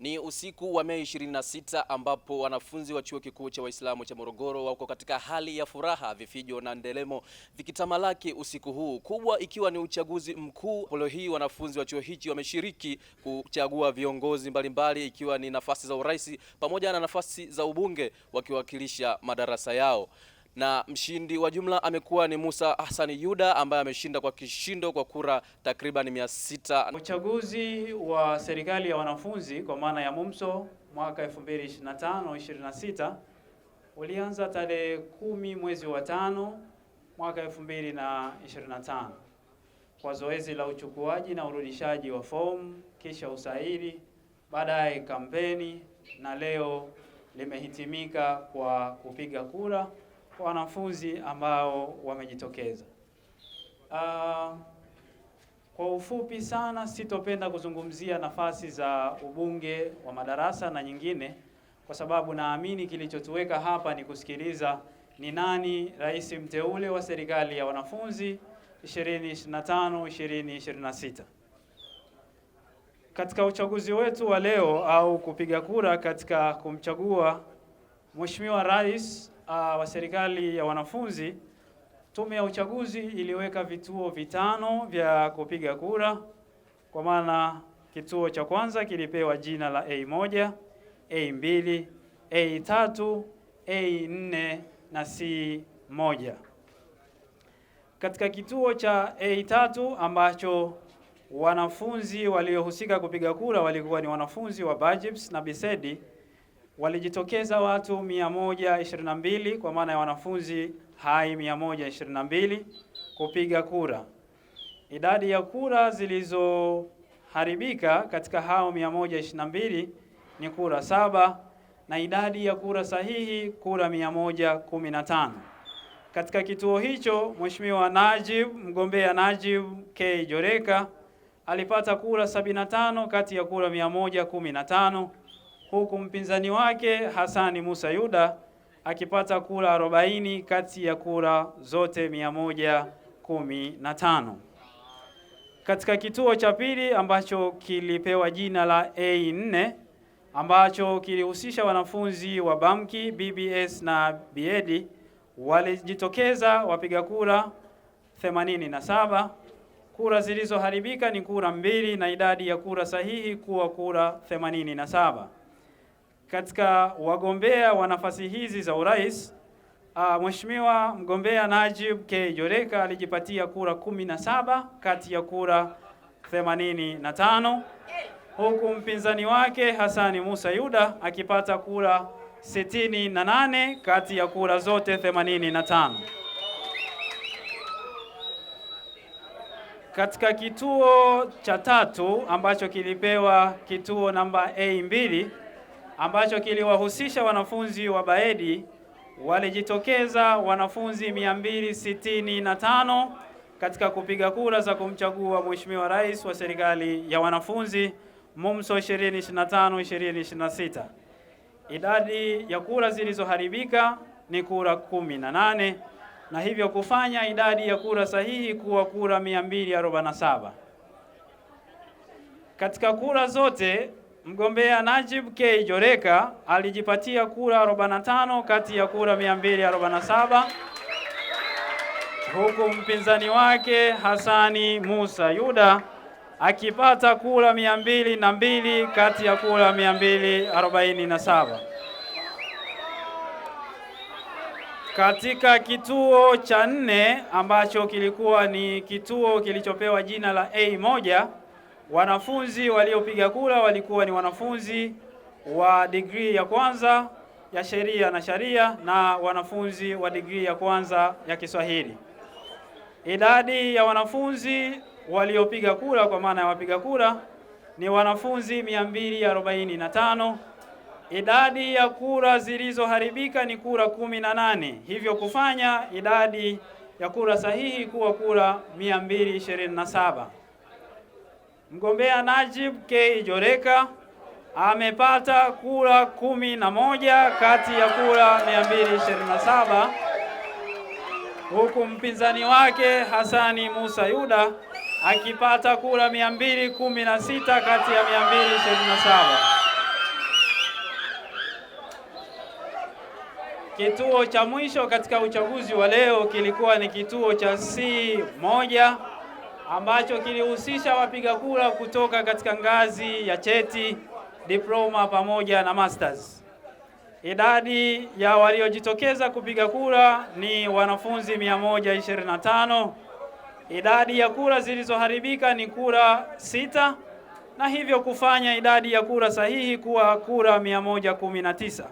Ni usiku wa Mei 26 ambapo wanafunzi wa chuo kikuu cha Waislamu cha Morogoro wako katika hali ya furaha, vifijo na ndelemo vikitamalaki usiku huu, kubwa ikiwa ni uchaguzi mkuu. Leo hii wanafunzi wa chuo hichi wameshiriki kuchagua viongozi mbalimbali, ikiwa ni nafasi za urais pamoja na nafasi za ubunge, wakiwakilisha madarasa yao na mshindi wa jumla amekuwa ni Musa Hasani Yuda ambaye ameshinda kwa kishindo kwa kura takriban mia sita. Uchaguzi wa serikali ya wanafunzi kwa maana ya MUMSO mwaka 2025 26 ulianza tarehe kumi mwezi wa tano mwaka 2025 kwa zoezi la uchukuaji na urudishaji wa fomu, kisha usaili, baadaye kampeni na leo limehitimika kwa kupiga kura wanafunzi ambao wamejitokeza. Uh, kwa ufupi sana sitopenda kuzungumzia nafasi za ubunge wa madarasa na nyingine, kwa sababu naamini kilichotuweka hapa ni kusikiliza ni nani rais mteule wa serikali ya wanafunzi 2025 2026. Katika uchaguzi wetu wa leo au kupiga kura katika kumchagua Mheshimiwa Rais uh, wa serikali ya wanafunzi, tume ya uchaguzi iliweka vituo vitano vya kupiga kura, kwa maana kituo cha kwanza kilipewa jina la A1, A2, A3, A4 na C1. Katika kituo cha A3 ambacho wanafunzi waliohusika kupiga kura walikuwa ni wanafunzi wa Bajips na Bisedi walijitokeza watu 122 kwa maana ya wanafunzi hai 122 kupiga kura. Idadi ya kura zilizoharibika katika hao 122 ni kura saba na idadi ya kura sahihi kura 115. Katika kituo hicho Mheshimiwa Najib, mgombea Najib K Joreka alipata kura 75 kati ya kura 115 huku mpinzani wake Hasani Musa Yuda akipata kura 40 kati ya kura zote 115. Katika kituo cha pili ambacho kilipewa jina la A4 ambacho kilihusisha wanafunzi wa Bamki, BBS na Biedi walijitokeza wapiga kura 87. Kura zilizoharibika ni kura mbili na idadi ya kura sahihi kuwa kura 87. Katika wagombea wa nafasi hizi za urais uh, Mheshimiwa mgombea Najib K. Joreka alijipatia kura kumi na saba kati ya kura 85 huku mpinzani wake Hasani Musa Yuda akipata kura 68 kati ya kura zote 85. Katika kituo cha tatu ambacho kilipewa kituo namba A2 ambacho kiliwahusisha wanafunzi wa Baedi walijitokeza wanafunzi 265 katika kupiga kura za kumchagua Mheshimiwa Rais wa serikali ya wanafunzi MUMSO 2025 2026. Idadi ya kura zilizoharibika ni kura 18 na hivyo kufanya idadi ya kura sahihi kuwa kura 247. Katika kura zote mgombea Najib K Joreka alijipatia kura 45 kati ya kura 247 huku mpinzani wake hasani Musa Yuda akipata kura 202 kati ya kura 247. Katika kituo cha nne ambacho kilikuwa ni kituo kilichopewa jina la A1 Wanafunzi waliopiga kura walikuwa ni wanafunzi wa degree ya kwanza ya sheria na sharia na wanafunzi wa degree ya kwanza ya Kiswahili. Idadi ya wanafunzi waliopiga kura kwa maana ya wapiga kura ni wanafunzi 245. Idadi ya kura zilizoharibika ni kura kumi na nane, hivyo kufanya idadi ya kura sahihi kuwa kura 227. Mgombea Najib K Joreka amepata kura kumi na moja kati ya kura 227 huku mpinzani wake Hasani Musa Yuda akipata kura 216 kati ya 227. Kituo cha mwisho katika uchaguzi wa leo kilikuwa ni kituo cha C1 ambacho kilihusisha wapiga kura kutoka katika ngazi ya cheti, diploma pamoja na masters. Idadi ya waliojitokeza kupiga kura ni wanafunzi 125. Idadi ya kura zilizoharibika ni kura sita na hivyo kufanya idadi ya kura sahihi kuwa kura 119.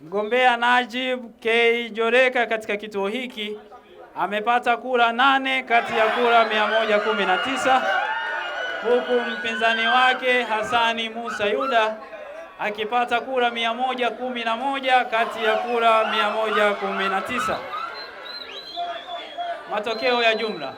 Mgombea Najib K. Joreka katika kituo hiki amepata kura nane kati ya kura tisa huku mpinzani wake hasani Musa Yuda akipata kura moja kati ya kura tisa Matokeo ya jumla.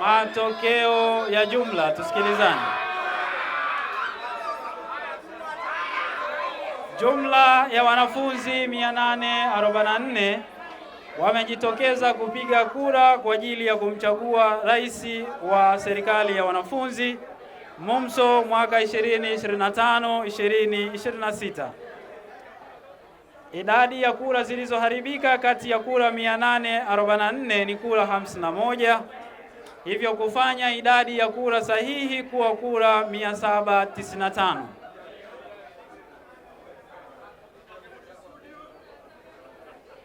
Matokeo ya jumla tusikilizane. Jumla ya wanafunzi 844 wamejitokeza kupiga kura kwa ajili ya kumchagua rais wa serikali ya wanafunzi MUMSO mwaka 2025 2026. Idadi ya kura zilizoharibika kati ya kura 844 ni kura 51, hivyo kufanya idadi ya kura sahihi kuwa kura 795.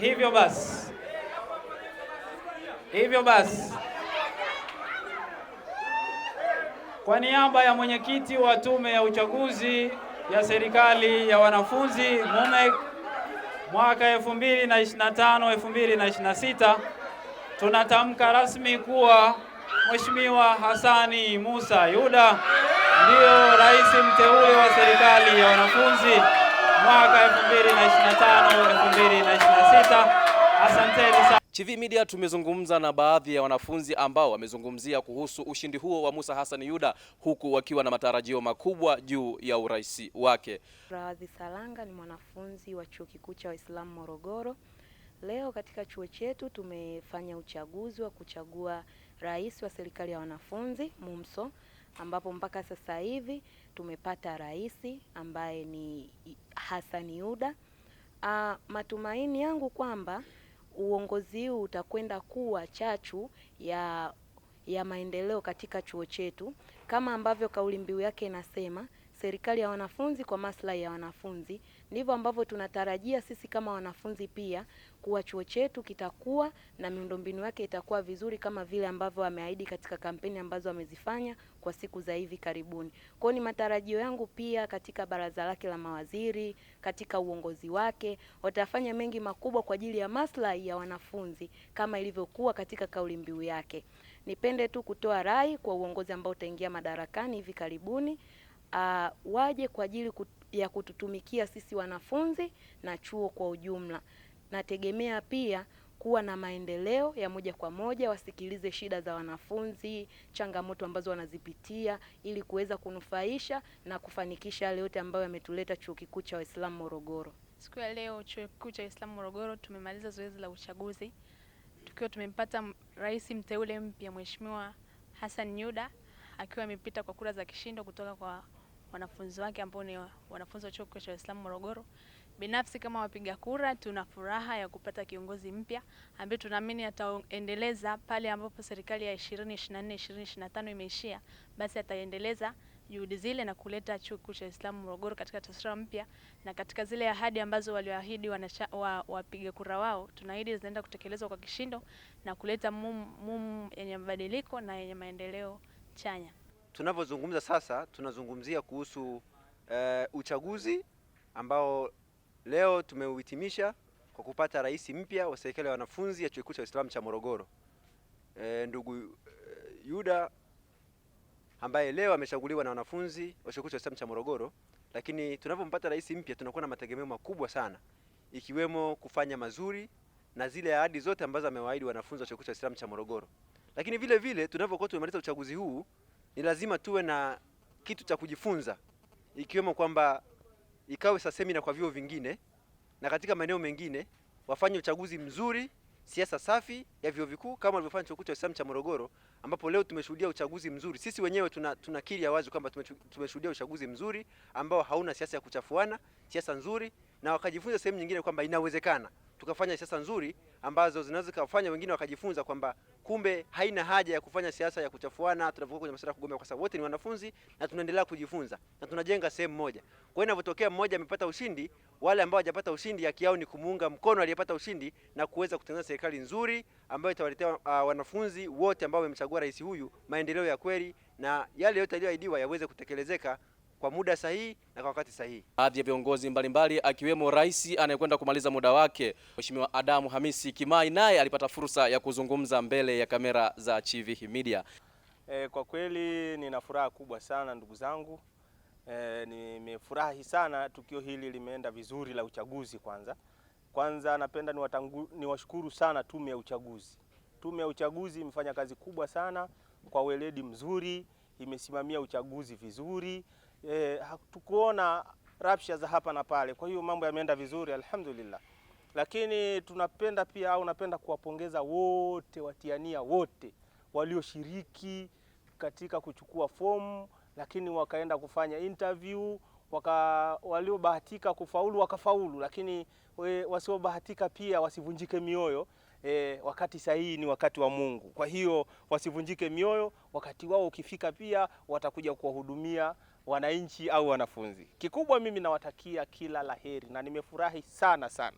Hivyo basi, hivyo basi, kwa niaba ya mwenyekiti wa Tume ya Uchaguzi ya Serikali ya Wanafunzi MUMEC mwaka 2025 2026, tunatamka rasmi kuwa Mheshimiwa hasani Musa Yuda ndio rais mteule wa Serikali ya Wanafunzi mwaka 2025 2026. Asanteni sana. Chivihi Media tumezungumza na baadhi ya wanafunzi ambao wamezungumzia kuhusu ushindi huo wa Musa Hassan Yuda huku wakiwa na matarajio makubwa juu ya urais wake. Radhi Salanga ni mwanafunzi wa Chuo Kikuu cha Waislamu Morogoro. Leo katika chuo chetu tumefanya uchaguzi wa kuchagua rais wa serikali ya wanafunzi MUMSO ambapo mpaka sasa hivi tumepata rais ambaye ni Hassan Yuda. Uh, matumaini yangu kwamba uongozi huu utakwenda kuwa chachu ya ya maendeleo katika chuo chetu kama ambavyo kauli mbiu yake inasema serikali ya wanafunzi kwa maslahi ya wanafunzi. Ndivyo ambavyo tunatarajia sisi kama wanafunzi pia kuwa chuo chetu kitakuwa na miundombinu yake itakuwa vizuri kama vile ambavyo wameahidi katika kampeni ambazo wamezifanya kwa siku za hivi karibuni. Kwa ni matarajio yangu pia katika baraza lake la mawaziri, katika uongozi wake watafanya mengi makubwa kwa ajili ya maslahi ya wanafunzi kama ilivyokuwa katika kauli mbiu yake. Nipende tu kutoa rai kwa uongozi ambao utaingia madarakani hivi karibuni, uh, waje kwa ajili ya kututumikia sisi wanafunzi na chuo kwa ujumla. Nategemea pia kuwa na maendeleo ya moja kwa moja, wasikilize shida za wanafunzi, changamoto ambazo wanazipitia, ili kuweza kunufaisha na kufanikisha yale yote ambayo yametuleta Chuo Kikuu cha Waislamu Morogoro. Siku ya leo Chuo Kikuu cha Waislamu Morogoro tumemaliza zoezi la uchaguzi tukiwa tumempata rais mteule mpya Mheshimiwa Hassan nyuda akiwa amepita kwa kura za kishindo kutoka kwa wanafunzi wake ambao ni wanafunzi wa Chuo Kikuu cha islam Morogoro. Binafsi kama wapiga kura, tuna furaha ya kupata kiongozi mpya ambaye tunaamini ataendeleza pale ambapo serikali ya 2024 2025 imeishia, basi ataendeleza juhudi zile na kuleta Chuo Kikuu cha Waislamu Morogoro katika taswira mpya na katika zile ahadi ambazo walioahidi wa, wapiga kura wao, tunaahidi zinaenda kutekelezwa kwa kishindo na kuleta mum yenye mabadiliko na yenye maendeleo chanya tunavyozungumza sasa, tunazungumzia kuhusu uh, uchaguzi ambao leo tumeuhitimisha kwa kupata rais mpya wa serikali ya wanafunzi ya Chuo Kikuu cha Uislamu cha Morogoro. E, ndugu e, Yuda ambaye leo amechaguliwa na wanafunzi wa Chuo Kikuu cha Uislamu cha Morogoro, lakini tunapompata rais mpya tunakuwa na mategemeo makubwa sana ikiwemo kufanya mazuri na zile ahadi zote ambazo amewaahidi wanafunzi wa Chuo Kikuu cha Uislamu cha Morogoro. Lakini vile vile tunapokuwa tumemaliza uchaguzi huu ni lazima tuwe na kitu cha kujifunza, ikiwemo kwamba ikawe sasa semina kwa vyuo vingine na katika maeneo mengine wafanye uchaguzi mzuri, siasa safi ya vyuo vikuu kama walivyofanya Chuo Kikuu cha Uislamu cha Morogoro, ambapo leo tumeshuhudia uchaguzi mzuri. Sisi wenyewe tuna, tuna kiri ya wazi kwamba tumeshuhudia uchaguzi mzuri ambao hauna siasa ya kuchafuana, siasa nzuri, na wakajifunza sehemu nyingine kwamba inawezekana tukafanya siasa nzuri ambazo zinaweza kufanya wengine wakajifunza kwamba kumbe haina haja ya kufanya siasa ya kuchafuana tunapokuwa kwenye masuala ya kugombea, kwa sababu wote ni wanafunzi na tunaendelea kujifunza na tunajenga sehemu moja. Kwa hiyo inavyotokea mmoja amepata ushindi, wale ambao hawajapata ushindi, haki yao ni kumuunga mkono aliyepata ushindi na kuweza kutengeneza serikali nzuri ambayo itawaletea uh, wanafunzi wote ambao wamemchagua rais huyu maendeleo ya kweli na yale yote yaliyoahidiwa yaweze kutekelezeka kwa muda sahihi na kwa wakati sahihi. Baadhi ya viongozi mbalimbali akiwemo rais anayekwenda kumaliza muda wake Mheshimiwa Adamu Hamisi Kimai naye alipata fursa ya kuzungumza mbele ya kamera za Chivihi Media. E, kwa kweli nina furaha kubwa sana ndugu zangu. E, nimefurahi sana tukio hili limeenda vizuri la uchaguzi. Kwanza kwanza napenda niwashukuru ni sana tume ya uchaguzi. Tume ya uchaguzi imefanya kazi kubwa sana kwa weledi mzuri, imesimamia uchaguzi vizuri eh, hatukuona rabsha za hapa na pale. Kwa hiyo mambo yameenda vizuri alhamdulillah, lakini tunapenda pia au napenda kuwapongeza wote watiania wote walioshiriki katika kuchukua fomu, lakini wakaenda kufanya interview waka waliobahatika kufaulu wakafaulu, lakini wasiobahatika pia wasivunjike mioyo. E, wakati sahihi ni wakati wa Mungu. Kwa hiyo wasivunjike mioyo, wakati wao ukifika pia watakuja kuwahudumia wananchi au wanafunzi. Kikubwa mimi nawatakia kila laheri na nimefurahi sana sana,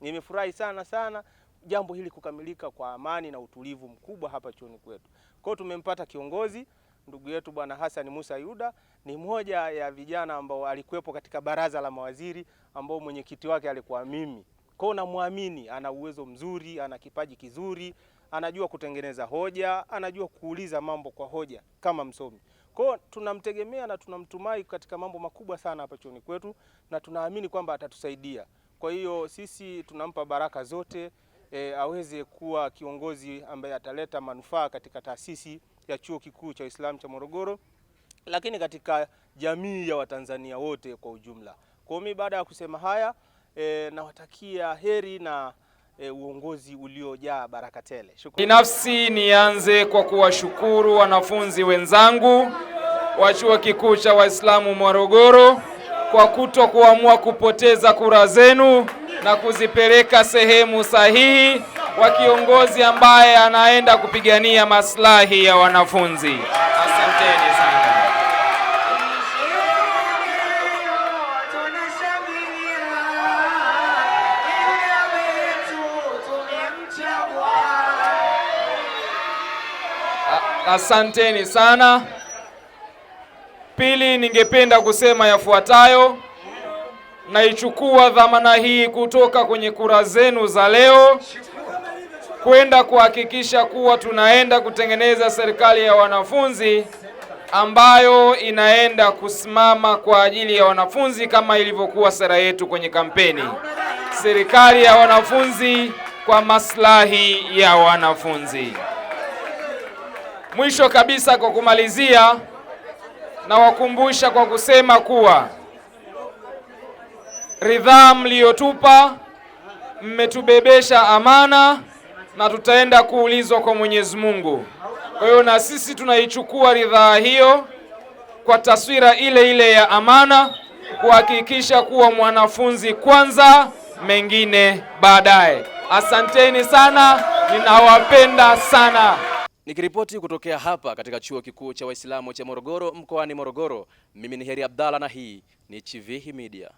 nimefurahi sana sana jambo hili kukamilika kwa amani na utulivu mkubwa hapa chuoni kwetu. Kwa tumempata kiongozi ndugu yetu Bwana Hassan Musa Yuda, ni moja ya vijana ambao alikuwepo katika baraza la mawaziri ambao mwenyekiti wake alikuwa mimi. Kwa hiyo namwamini, ana uwezo mzuri, ana kipaji kizuri, anajua kutengeneza hoja, anajua kuuliza mambo kwa hoja kama msomi. Kwa tunamtegemea na tunamtumai katika mambo makubwa sana hapa chuoni kwetu na tunaamini kwamba atatusaidia. Kwa hiyo sisi tunampa baraka zote e, aweze kuwa kiongozi ambaye ataleta manufaa katika taasisi ya Chuo Kikuu cha Uislamu cha Morogoro, lakini katika jamii ya Watanzania wote kwa ujumla. Kwa hiyo mimi baada ya kusema haya e, nawatakia heri na e, uongozi uliojaa baraka tele. Shukrani. Binafsi nianze kwa kuwashukuru wanafunzi wenzangu wa Chuo Kikuu cha Waislamu Morogoro kwa kuto kuamua kupoteza kura zenu na kuzipeleka sehemu sahihi kwa kiongozi ambaye anaenda kupigania maslahi ya wanafunzi. Asanteni sana. Asanteni sana. Pili, ningependa kusema yafuatayo. Naichukua dhamana hii kutoka kwenye kura zenu za leo kwenda kuhakikisha kuwa tunaenda kutengeneza serikali ya wanafunzi ambayo inaenda kusimama kwa ajili ya wanafunzi kama ilivyokuwa sera yetu kwenye kampeni, serikali ya wanafunzi kwa maslahi ya wanafunzi. Mwisho kabisa, kwa kumalizia, nawakumbusha kwa kusema kuwa ridhaa mliyotupa, mmetubebesha amana na tutaenda kuulizwa kwa Mwenyezi Mungu. Kwa hiyo na sisi tunaichukua ridhaa hiyo kwa taswira ile ile ya amana, kuhakikisha kuwa mwanafunzi kwanza, mengine baadaye. Asanteni sana, ninawapenda sana. Nikiripoti kutokea hapa katika chuo kikuu cha Waislamu cha Morogoro mkoani Morogoro, mimi ni Heri Abdalla na hii ni Chivihi Media.